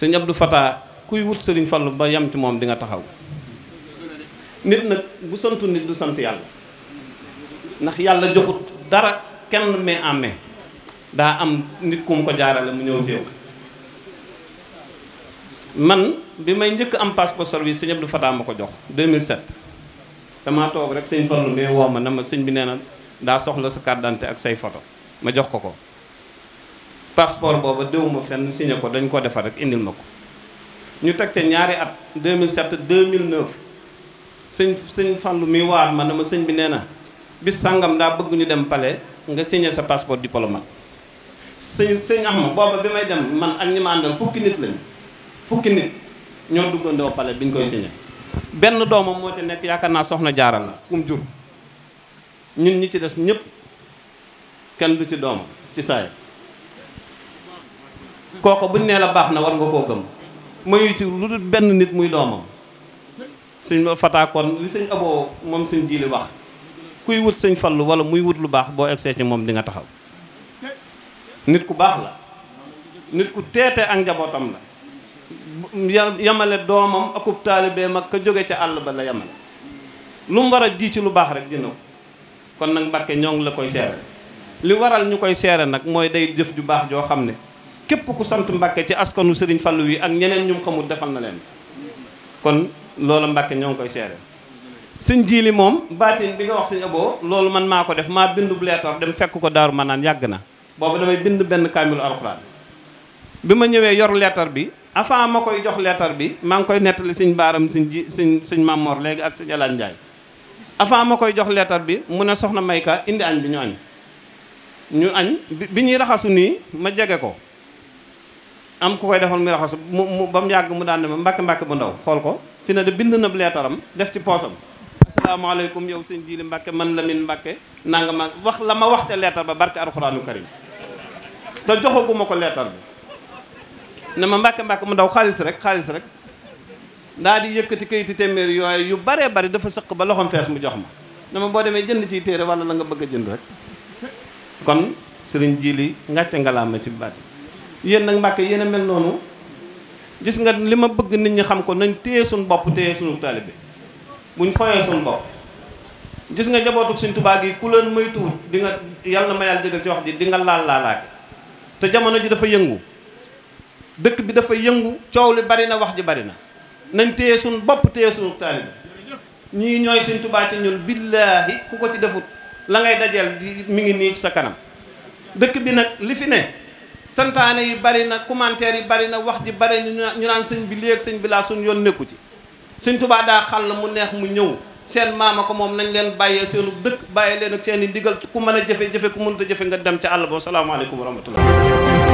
sëñ du Fata kuy wut sëriñ Fallu ba yam ci moom di nga taxaw nit nag gu santu nit du sant yàlla ndax yàlla joxut dara kenn mais amee daa am nit ku mu ko jaarale mu ñëw ci yow man bi may njëkk am passeport service sëñ Abdou Fata ma ko jox 2007 damaa toog rek sëñ Fallu mais woo ma na ma sëñ bi nee na daa soxla sa carte d'identité ak say photo ma jox ko ko passeport booba déwuma fenn signé ko dañ ko defar rek indil ma ko ñu teg ca ñaari at 2007 2009 sëñ sëñ Fallou mi waat ma na ma sëñ bi nee na bis sàngam daa bëgg ñu dem pale nga signé sa passeport diplomate sëñ sëñ Ahma booba bi may dem man ak ñi ma àndal fukki nit lañu fukki nit ñoo duggandoo pale bi ñu koy signé benn doomam moo ci nekk yaakaar naa soxna jaaral la kum jur ñun ñi ci des ñëpp kenn du ci doomam ci saay kooko buñ nee la baax na war nga koo gëm mayu ci lu dul benn nit muy doomam suñ fataakoon li sëñ aboo moom suñ jiili wax kuy wut sëñ fallu wala muy wut lu baax boo egsee ci moom di nga taxaw nit ku baax la nit ku teete ak njabootam la yamale doomam akub taalibeem ak ka jóge ca àll ba la yamale lu mu war a ji ci lu baax rek dina ko kon nag Mbàkke ñoo ngi la koy seere li waral ñu koy seere nag mooy day jëf ju baax joo xam ne képp ku sant Mbàkke ci askanu Sëriñ Fallu wi ak ñeneen ñum xamul defal na leen kon loola Mbàkke ñoo ngi koy seere sëñ jiili moom baatin bi nga wax sëñ aboo loolu man maa ko def maa bindu bu leetar dem fekk ko daaru ma naan yàgg na boobu damay bind benn kaamilu alxuraan bi ma ñëwee yoru leetar bi avant ma koy jox leetar bi maa ngi koy nettali sëñ baaram sëñ ji sëñ sëñ Mamor léegi ak sëñ Alaaj Njaay avant ma koy jox leetar bi mu ne soxna Mayka indi añ bi ñu ñu añ bi ñuy raxasu nii ma jege ko am ku koy defal muy raxasu mu mu ba mu yàgg mu daan dema mbàkke mbàkke bu ndaw xool ko fi ne de bind na leetaram def ci poosam asalaamaaleykum yow sëñ mbàkke man la min mbàkke nanga ma wax la ma wax waxte leetar ba barke alxuraanu karim te joxaguma ko leetar bi ne ma mbàkke mbàkke mu ndaw xaalis rek xaalis rek daa di yëkkati kayitu téeméer yooyu yu baree bari dafa sëq ba loxom fees mu jox ma ma boo demee jënd ciy téere wala la nga bëgg a jënd rek kon sëriñ jiili ngàcce ngalaama ci baat yéen nag Mbàkke yéen a mel noonu gis nga li ma bëgg nit ñi xam ko nañ téye suñu bopp téye suñu taalibe buñ foyee suñu bopp gis nga njabootu suñ Tuubaa gi ku leen moytuwul di nga yàlla na ma yàlla jëgal ci wax ji di nga laal laalaake te jamono ji dafa yëngu dëkk bi dafa yëngu coow li bari na wax ji bari na nañ téye suñu bopp téye suñu taalibe ñii ñooy suñ Tuubaa ci ñun billaahi ku ko ci defut la ngay dajeel mi ngi nii ci sa kanam dëkk bi nag li fi ne santaane yi bari na commentaire yi bari na wax ji bari ñu naan sëñ bi léeg sëñ bi laa suñ yoon nekku ci sëñ tubaa daa xàll mu neex mu ñëw seen maama ko moom nañ leen bàyyee seenu dëkk bàyyee leen ak seen i ndigal ku mën a jafe-jafe ku mënut a jafe nga dem ca àll ba salaamaaleykum wa rahmatullah